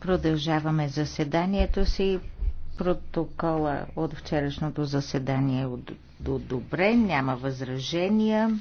Продължаваме заседанието си. Протокола от вчерашното заседание е одобрен, няма възражения.